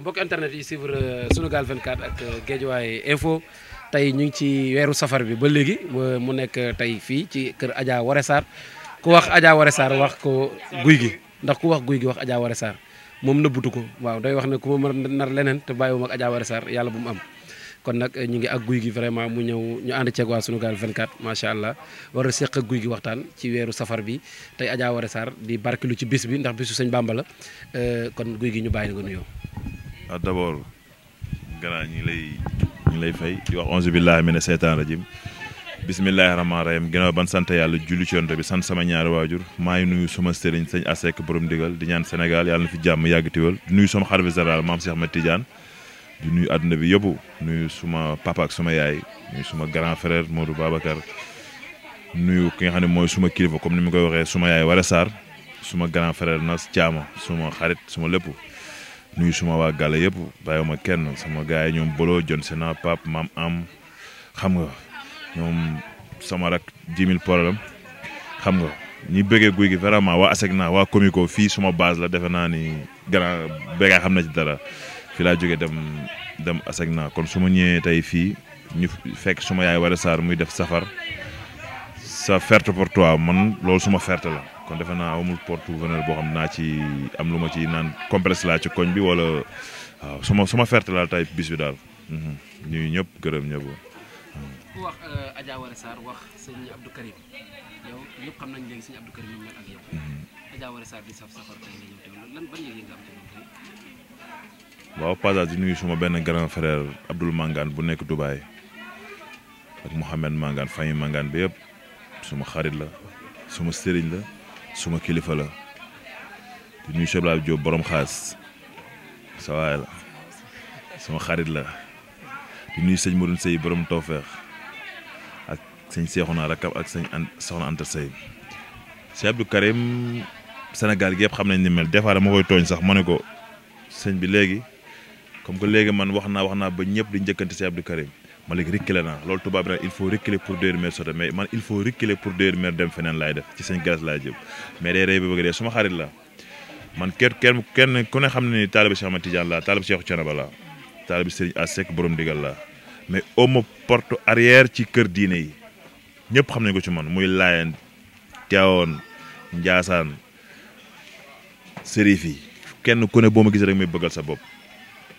mbokk internet yi suivre euh, Sunugal 24 ak euh, Guédiawaye info tey ñu ngi ci weeru safar bi ba léegi mu nekk tey fii ci kër Adja Waré Sarr ku wax Adja Waré saar wax ko guy gi ndax ku wax guy gi wax Adja Waré Sarr moom nëbbutu ko waaw day wax ne ku ma nar leneen te bàyyiwuma ak Adja Waré Sarr yàlla bu mu am. kon nag euh, ñu ngi ak guy gi vraiment mu ñëw ñu ànd ceeg waa Sunugal 24 macha allah war a seq ak guy gi waxtaan ci weeru safar bi tey Adja Waré Sarr di barkilu ci bis bi ndax bisu sëñ Bàmba la kon guy gi ñu bàyyi nga nuyoo. Ah, d' abord gannaaw ñi lay ñi lay fay di wax onze billahi mina seytaan rajim bismillahi rahmaani rahim ginnaaw ban sant yàlla julli ci yonte bi sant sama ñaari waajur maa ngi nuyu sama sëriñ sëñ Asek borom ndigal di ñaan Sénégal yàlla na fi jàmm yàgg tiwal di nuyu sama xarit général maam Cheikh Ahmed Tidiane nuyu àdduna bi yëpp nuyu suma papa ak yaay nuyu suma grand frère Modou Babacar nuyu ki nga xam ne mooy suma kilifa comme ni mu koy waxee suma yaay Wara Sarr suma grand frère Nas Thiama suma xarit suma lépp nuyu suma waa gàlla yëpp ma kenn sama gars yi ñoom Bolo John Sena Pape Mam Am xam nga ñoom sama rak 10 000 problème xam nga ñi bëggee guy gi vraiment waa ASECNA waa Comico fii suma baas la defe naa ni grand béykat xam na ci dara fii laa jóge dem dem ASECNA kon su ma ñëwee tey fii ñu fekk suma yaay Wally Sarr muy def safar sa ferte pour toi man loolu suma ferte la. kon defe naa amul porte ouverture boo xam naa ci am lu ma ci naan compresse laa ci koñ bi wala waaw sama suma ferte laal tay bis bi daal ñuy mhm. ñëpp gërëm ñëpp ku wax euh, Adja Wara Sarr wax sëñ Abdou Karim yow ñëpp xam nañ léegi sëñ Abdou Karim ñu mel ak yow mhm. Adja Wara Sarr di saf safar tey nga ñëw teew lan ban yëg nga am ci moom tey waaw di nuyu suma benn grand frère Abdoul Mangane bu nekk Dubaay ak Mouhamed Mangane Fahim Mangane bi yëpp suma xarit la suma sëriñ la suma kilifa la di nuyu Cheikh Abdoulaye Diop borom xaas sa la suma xarit la di nuyu sëñ Modou Seye borom toofeex ak sëñ Seexuna Rakab ak sëñ Soxna Anta Seye Cheikh Abdou Karim Sénégal gi yëpp xam nañ ni mel des fois dama koy tooñ sax ma ne ko sëñ bi léegi comme que léegi man wax naa wax naa ba ñëpp di njëkkante Cheikh Abdou Karim ma léegi reculer naa loolu tubaab bi nag il faut reculer pour déermer sote mais man il faut reculer pour déermer dem feneen laay def ci sëñ galas laay jëm mais day rey ba bëgg dee suma xarit la man kenn kenn kenn ku ne xam ne ni taalibi Cheikh Ahmad Tidiane la taalibi Cheikh Thiénaba la taalibi Serigne Assek borom digal la mais oma porte arrière ci kër diine yi ñëpp xam nañ ko ci man muy Laayeen Tiwaawan Njaasaan sérif yi kenn ku ne boo ma gisee rek may bëggal sa bopp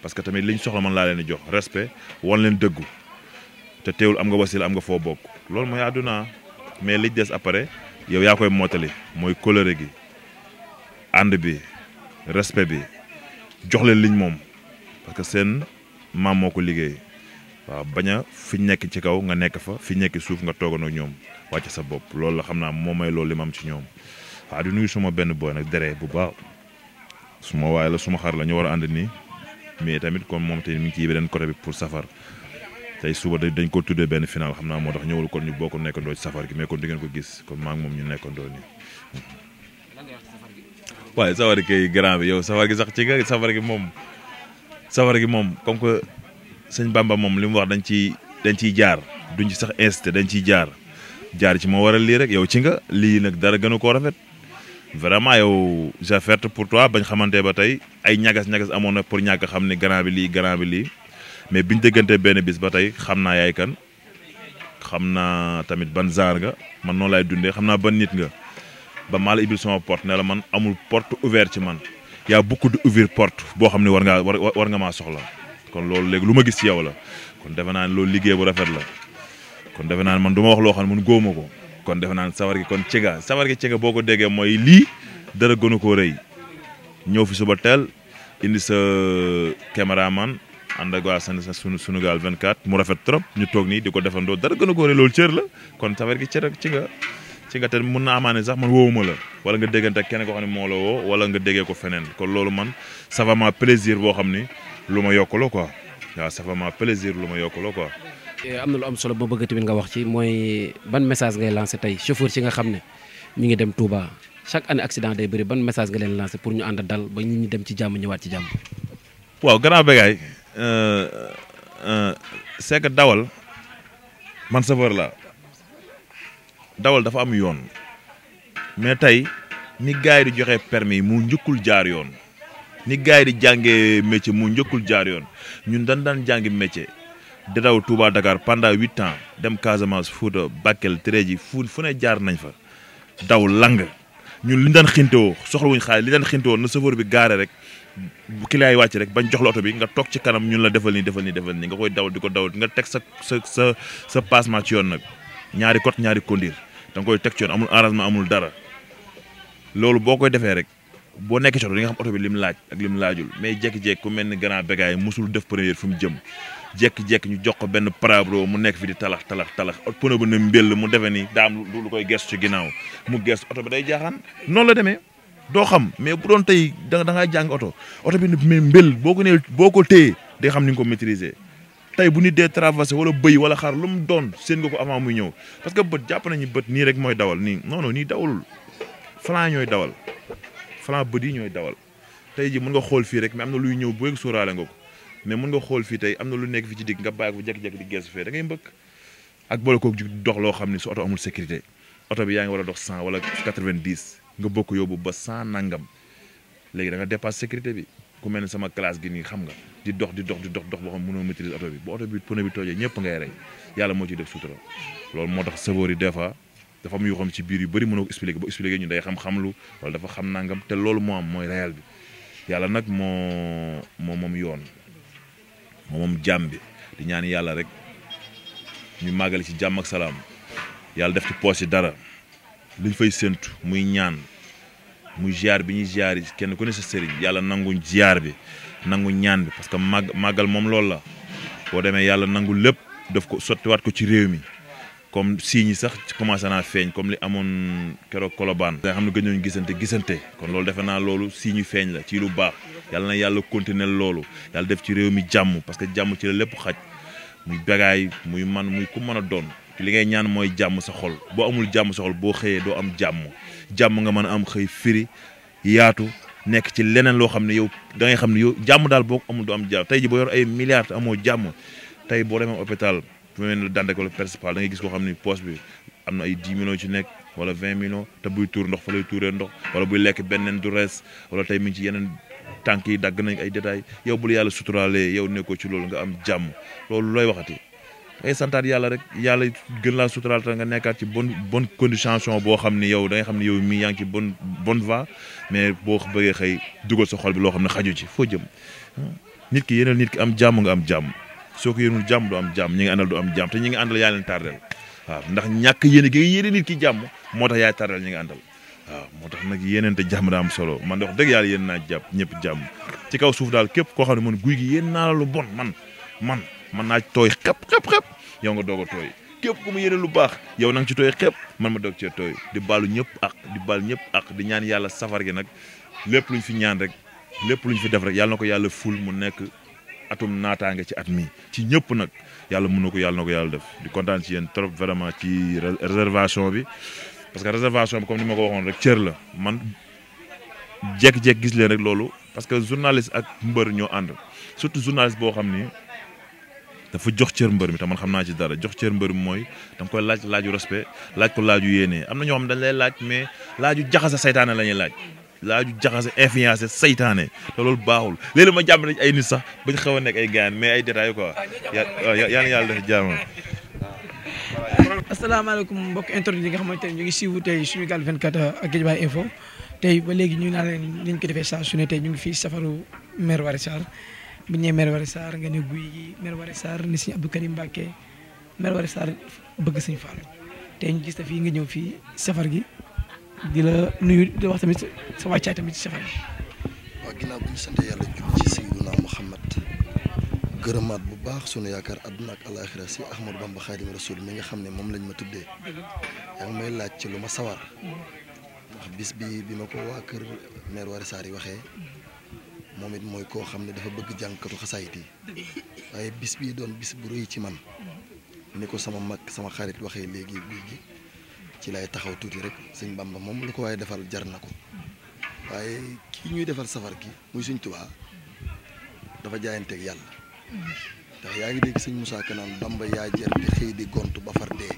parce que tamit liñ soxla man laa leen di jox respect wan leen dëggu te teewul am nga wasila am nga foo bokk loolu mooy àdduna mais li des après yow yaa koy mottali mooy colère gi ànd bi respet bi jox leen liñ moom parce que seen maam moo ko liggéey waaw bañ a fi nekk ci kaw nga nekk fa fi nekk suuf nga tooganoo ñoom wàcc sa bopp loolu la xam naa moo may loolu li ma am ci ñoom waaw di suma benn boy nag dere bu baax suma waaye la suma xar la ñu war a ànd nii mais tamit comme moom te mi ngi ciy beneen côté bi pour safar tey suba dañ ko tuddee benn final xam naa moo tax ñëwul kon ñu bokk nekkandoo ci safar gi mais kon di ngeen ko gis kon maa ngi moom ñu nekkandoo nii. waaye safar gi grand bi yow safar gi sax ci nga safar gi moom safar gi moom comme que sëñ Bamba moom li mu wax dañ ciy dañ ciy jaar duñ ci sax insisté dañ ciy jaar jaar ci war a lii rek yow ci nga lii nag dara gënu koo rafet. vraiment yow j'affecte pour toi bañ xamante ba tey ay ñagas ñagas amoon na pour ñàkk xam ne grand bi lii grand bi lii. mais biñ déggante benn bis ba tey xam naa yaay kan xam naa tamit ban genre nga man noonu lay dundee xam naa ban nit nga ba maa la ibil sama porte ne la man amul porte ouverte ci man yaa a beaucoup d'ouvrir porte boo xam ne war ngaa war nga maa soxla kon loolu léegi lu ma gis ci yow la kon defe naa ne loolu liggéey bu rafet la kon defe naa ne man du ma wax loo xam ne mun góoma ko kon defe naa ne sawar gi kon cega sawar gi cega boo ko déggee mooy lii dara gënu koo rëy teel indi sa caméraman Anda gua waa sunu sunu gal 24 mu rafet trop ñu tok ni di defando dara gën a góore loolu cër la kon tawer gi dire ak ci nga ci nga tan mëna amane sax man woowuma la wala nga déggante ak kene ko xam ne la wo wala nga déggee ko fenen kon loolu man ça va ma plaisir bo xamni ni lu quoi ya ça va ma plaisir luma ma quoi. Eh, am amna lu am solo bo bëgg tamit nga wax ci moy ban message ngay setai. tay chauffeur ci nga xamni Shak ñu ngi dem Touba chaque année accident day bëri ban message nga leen lancer pour ñu and dal ba ñi dem ci jamm ñëwaat ci jamm waaw grand Euh, euh, c'est dawal man chauffeur la dawal dafa am yoon mais tey ni gars di joxe permis mu njëkkul jaar yoon ni gars yi di jàngee métier mu njëkkul jaar yoon ñun dañ daan jàngi métier di daw Touba Dakar pendant huit ans dem Casamance Fouta Bakel Tereji fu fu ne jaar nañ fa daw lang ñun li ñu daan xintewoo soxla wuñ xaalis li daan xintewoo na chauffeur bi gaare rek bu client yi wàcc rek bañ jox la oto bi nga toog ci kanam ñun la defal ni defal ni defal ni nga koy dawal di ko dawal nga teg sa sa sa sa passement ci yoon nag ñaari kot ñaari conduire da koy teg ci yoon amul arrangement amul dara loolu boo koy defee rek boo nekkee ci oto nga xam oto bi lim laaj ak lim laajul mais jékki-jékki ku mel ni grand bégaay musul def première fu mu jëm jékki-jékki ñu jox ko benn parabro mu nekk fi di talax talax talax pono ba ne mbéll mu defe ni daa am lu koy gestu ci ginnaaw mu gees oto bi day jaaxaan noonu la demee doo xam mais bu doon tey da da jàng oto oto bi ne mbéll boo ko nee boo ko téye di xam ni nga ko maîtriser tey bu nit dee traversé wala bëy wala xar lu mu doon seen nga ko avant muy ñëw parce que bët jàpp nañu bët nii rek mooy dawal nii non nii dawalul flan ñooy dawal flan bët yi ñooy dawal tey ji mën nga xool fii rek mais na luy ñëw bu yëg sóoraale ko mais mën nga xool fii tey am na lu nekk fi ci digg nga bàyyi ko jékki-jékki di gees fee da mbëkk ak boole koog dox loo xam ne su oto amul sécurité oto bi yaa ngi war a dox cent wala quatre-vingt-dix nga bokk yóbbu ba cent nangam léegi da nga dépasse sécurité bi ku mel ne sama classe gi nii xam nga di dox di dox di dox dox boo xam mënoo maîtriser oto bi bu oto bi pneu bi toojee ñëpp ngay rey yàlla moo ciy def sutura loolu moo tax savoor yi des fois dafa am yoo xam ci biir yu bëri mënoo ko expliquer ba expliquer ñu day xam-xam lu wala dafa xam nangam te loolu moo am mooy réel bi yàlla nag moo moo moom yoon moom jàmm bi di ñaan yàlla rek ñu màggal ci jàmm ak salaam yàlla def ci poos ci dara luñ fay séntu muy ñaan muy ziar bi ñuy ziar yi kenn ku ne sa sëriñ yàlla nangu ziar bi nangu ñaan bi parce que màgg màggal moom loolu la boo demee yàlla nangu lépp def ko sottiwaat ko ci réew mi comme sii yi sax commencé naa feeñ comme li amoon keroog kolobaan. nga xam ne gëj nañu gisante gisante kon loolu defe naa loolu sii ñu feeñ la ci lu baax. yàlla na yàlla continuer loolu yàlla def ci réew mi jàmm parce que jàmm ci la lépp xaj muy begaay muy man muy ku mën a doon li ngay ñaan mooy jàmm sa xol boo amul jàmm sa xol boo xëyee doo am jàmm jàmm nga mën a am xëy firi yaatu nekk ci leneen loo xam ne yow da ngay xam ne yow jàmm daal boo amul doo am tey ji boo yor ay milliards amoo jàmm tey boo demee hôpital fu mel ne Dantec wala principal da ngay gis koo xam ne poche bi am na ay 10 millions ci nekk wala 20 millions te buy tuur ndox fa lay tuuree wala buy lekk beneen du rees wala tey mi ci yeneen tànk yi dagg nañ ay détails yow bul yàlla suturaalee yow nekkoo ci loolu nga am jàmm loolu looy waxati ngay santaat yàlla rek yàlla gën laa suturaal te nga nekkaat ci bon bon condition boo xam ne yow da xam ne yow mii yaa ngi ci bon bonne voie mais boo bëggee xëy dugal sa xol bi loo xam ne xaju ci foo jëm nit ki yeneen nit ki am jàmm nga am jàmm soo ko yéenul jàmm doo am jàmm ñi nga àndal du am jàmm te ñi nga àndal yaa leen tardel waaw ndax ñàkk yéene gi nit ki jàmm moo tax yaay tardel ñi nga àndal waaw moo tax nag yéeneente jàmm daa am solo man de wax yàlla yéen naa jàpp ñëpp jàmm ci kaw suuf daal képp koo xam ne man guy gi yéen naa lu bon man man man naa tooy xep xep xep yow nga doog a tooy képp ku mu yéene lu baax yow na nga ci tooy xep man ma doog cee tooy di baalu ñëpp ak di baal ñëpp ak di ñaan yàlla safar gi nag lépp luñ fi ñaan rek lépp luñ fi def rek yàlla ko yàlla ful mu nekk atum naataange ci at mi ci ñëpp nag yàlla mun na ko yàlla na ko yàlla def di kontaan ci yéen trop vraiment ci réservation bi parce que réservation bi comme ni ma ko waxoon rek cër la man jekk-jekk gis leen rek loolu parce que journaliste ak mbër ñoo ànd surtout journaliste boo xam ni dafa jox cër mbër mi te man xam naa ci dara jox cër mbër mooy da nga koy laaj laaju respect laaj ko laaju yéene am na ñoo xam dañ lay laaj mais laaju jaxase saytaane la ñuy laaj laaju jaxase influencé saytaane te loolu baaxul léeg ma jàmm ne ay nit sax bañ xaw a nekk ay gaan mais ay détails quoi yàlla yàlla def jàmm asalaamaaleykum mbokk internet yi nga xamante ne ñu ngi siiwu tey suñu gaal 24 ak Guédiawaye info tey ba léegi ñu naa leen ni ko defee saa su ne tey ñu ngi fii safaru maire Wari Sarr bu ñu nee maire Wari nga ne guy gi maire Wari Sarr ni suñu Abdou Karim Mbacké maire Wari Sarr bëgg suñu Fallou tey ñu gis fii nga ñëw fii safar gi di la nuyu di wax tamit sa wàccaay tamit ci safar gi waaw ginnaaw bu ñu sant yàlla julli ci Seydina Muhammad gërëmaat bu baax sunu yaakaar àdduna ak alaaxira si Ahmadou Bamba Xaadimu Rasuul mi nga xam ne moom lañ ma tuddee yaa ngi may laaj ci lu ma sawar ndax bis bi bi ma ko waa kër maire Wari Sarr yi waxee moom it mooy koo xam ne dafa bëgg jàngkatu xasaayit yi waaye bis bii doon bis bu rëy ci man ni ko sama mag sama xarit waxee léegi guy gi ci lay taxaw tuuti rek sëñ Bamba moom lu ko waaye defal jar na ko waaye kii ñuy defal safar gi muy suñ Tuubaa dafa jaayanteeg yàlla ndax yaa ngi dégg sëñ musaa Kanaan Bamba yaa jar di xëy di gont ba far dee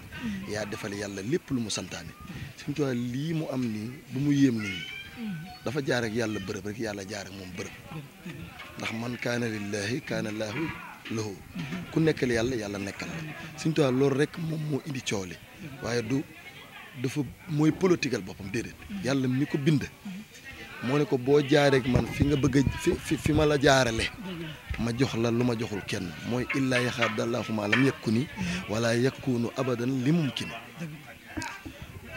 yaa defal yàlla lépp lu mu santaane suñ tuwi lii mu am nii bu mu yéem nit ñi dafa jaar ak yàlla bërëb rek yàlla jaar ak moom bërëb ndax man kaana lillahi kaana ku nekkal yàlla yàlla nekkal la suñ tuwi loolu rek moom moo indi coow li waaye du dafa mooy politikal boppam déedéet yàlla mi ko bind moo ne ko boo jaareek man fi nga bëgg a fi fi ma la jaarale ma jox la lu ma joxul kenn mooy illaa yaxaadallahuma lam yakku ni wala yakkuunu abadan li mumkin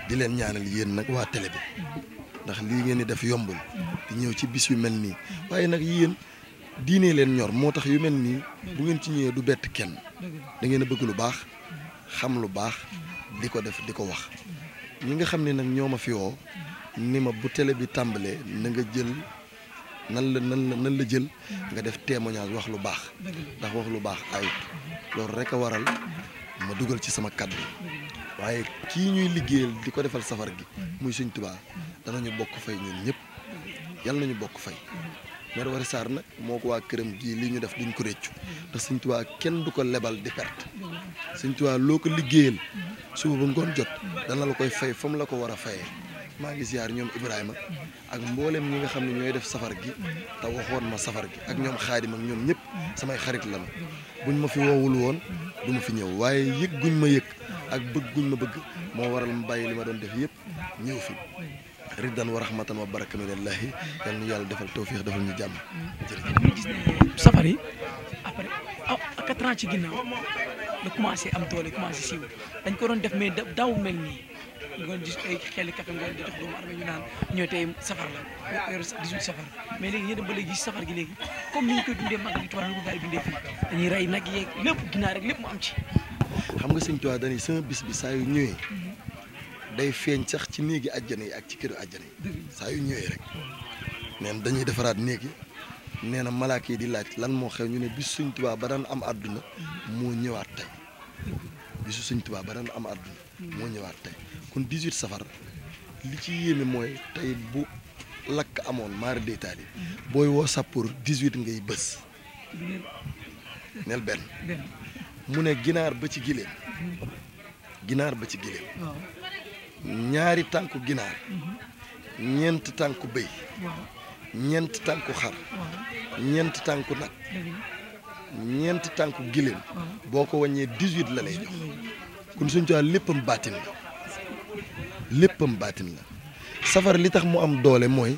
di leen ñaanal yéen nag waa télé bi ndax lii ngeen di def yombul di ñëw ci bis yu mel nii waaye nag yéen diine leen ñor moo tax yu mel nii bu ngeen ci ñëwee du bett kenn da ngeen a bëgg lu baax xam lu baax di ko def di ko wax ñi nga xam ne nag ñoo ma fi woo ni ma bu télé bi tàmbalee nanga nga jël nan la nan nan la jël nga def témoignage wax lu baax ndax wax lu baax ayut loolu rek a waral ma dugal ci sama kàddu waaye kii ñuy liggéeyal di ko defal safar gi muy Sëñ Tuubaa danañu bokk fay ñun ñëpp yàlla nañu bokk fay Mère Waly Sarr nag moo ko waa këram gii lii ñu def duñ ko réccu te Sëñ Tuubaa kenn du ko lebal di perte Sëñ Tuubaa loo ko liggéeyal suba ba ngoon jot dana la koy fay fa mu la ko war a fayee maa ngi ziar ñoom Ibrahima ak mbooleem ñi nga xam ne ñooy def safar gi te waxoon ma safar gi ak ñoom xaadim ak ñoom ñëpp samay xarit la ma buñ ma fi wowul woon du ma fi ñëw waaye yëg guñ ma yëg ak bëgg guñ ma bëgg moo waral ma bàyyi li ma doon def yëpp ñëw fi daan wa rahmatan wa baraka minallahi yal nu yàlla defal tawfiix defal ñu jàmm safar yi après a ah, ans ci ginnaaw la commencé am doole commencé siiw dañ ko doon def mel nii ngoon di ay xel kafe ngoon di tax doomu adama ñu naan ñoo tey safar la yor 18 safar mais léegi ñu dem ba léegi gis safar gi léegi comme ni ñu koy dundee magal lu dañuy rek mu am ci xam nga sama bis bi saa yu ñëwee day feeñ sax ci néegi àjjana yi ak ci këru àjjana yi saa yu ñëwee rek neen dañuy defaraat di laaj lan moo xew ñu ne bis suñ ba am àdduna moo ñëwaat bisu suñ tubaab ba daan am àdduna moo ñëwaat kon 18 safar li ci yéeme mooy tey bu lakk amoon maar détaali mhm. booy woo sàppur 18 ngay bës neel benn mu ne ginaar ba ci giléem mhm. ginaar ba ci giléem ñaari tànku ginaar mhm. ñeent tànku bëy ñeent tànku xar ñeent tànku nag ñeent tànku giléem boo ko wàññee 18 la lay jox kon suñ tuwaa léppam baatin la léppam baatin la safara li tax mu am doole mooy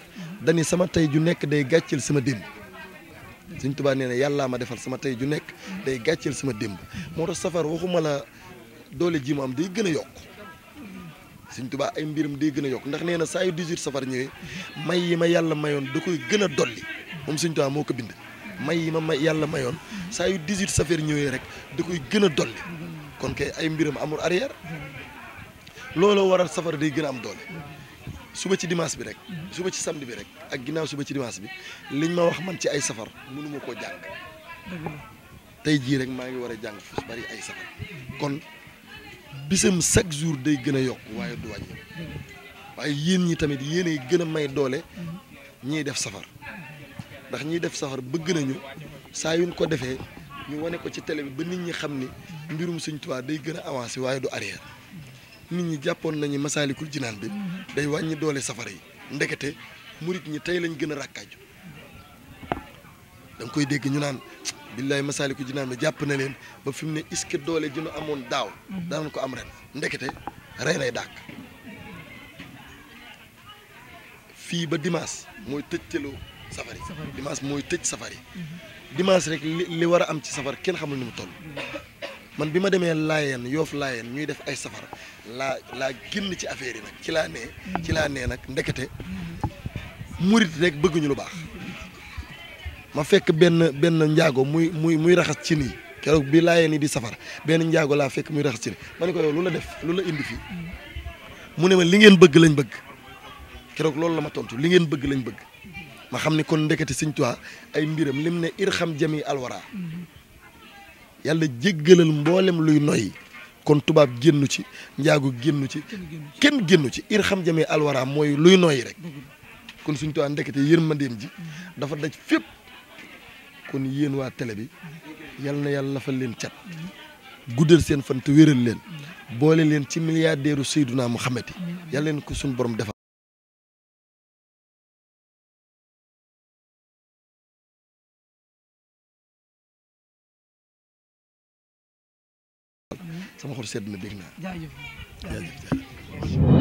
dani sama tey ju nekk day gàcceel sama démb Sëñ Tuubaa nee na yàllaa ma defal sama tey ju nekk day gàcceel sama démb moo tax safar waxuma la doole ji mu am day gën a yokk suñ Tuubaa ay mbiram day gën a yokk ndax nee na saa yu 18 safar ñëwee may yi ma yàlla mayoon da koy gën a dolli moom suñ Tuubaa moo ko bind may yi ma may yàlla mayoon saa yu 18 safar ñëwee rek da koy gën a dolli kon kay ay mbiram amul arrière looloo waral safara day gën a am doole suba ci dimanche bi rek suba ci samedi bi rek ak ginnaaw suba ci dimanche bi liñ ma wax man ci ay safar mënuma koo jàng tey jii rek maa ngi war a jàng fu bari ay safar kon bisam chaque jour day gën a yokk waaye du wàññi waaye yéen ñi tamit yéenay gën a may doole ñiy def safar ndax ñiy def safar bëgg nañu saa yuñ ko defee ñu wane ko ci télé bi ba nit ñi xam ni mbirum Sëñ Tuubaa day gën a avancé waaye du arrière nit ñi jàppoon nañu masaalikul jinaan bi mhm. day wàññi doole safar yi ndekete murit ñi tey lañ gën a ràkkaaju da koy dégg ñu naan billaay masaalikul jinaan bi jàpp na leen ba fi mu ne est-ce que doole ji nu amoon daaw mhm. danañ ko am ren ndekete reenay dàq fii ba dimanche mooy tëj tëjteloo safari dimanche mooy tëj safari mhm. dimanche rek li li war a am ci safar kenn xamul ni mu toll man bi ma demee laayeen yoof laayeen ñuy def ay safar laa laa génn ci affaire yi nag ci laa nee nag ndekete murit rek bëgguñu lu baax ma fekk benn benn njaago muy muy muy raxas ci nii keroog bi laayeen yi di safar benn njaago laa fekk muy raxas ci nii ma ne ko def lu la indi fii mu ne ma li ngeen bëgg lañ bëgg keroog loolu la ma tontu li ngeen bëgg lañ bëgg ma xam ni kon ndekete Sëñ Tuubaa ay mbiram lim ne xam jami alwara yàlla jéggalal mboolem luy noyyi kon tubaab génnu ci njaago génnu ci kenn génnu ci irxam jamee alwaraam mooy luy noyyi rek kon suñ tubaab ndekete yërmandeem ji mm-hmm. dafa daj fépp kon yéen waa télé bi yal na yàlla fa leen cat mm-hmm. guddal seen fan te wéral leen mm-hmm. boole leen ci milliardaire u Seydunaa Muhammad yi yàlla leen ko suñ borom defal sama xol sedd na bég naa. jaajëf jaajëf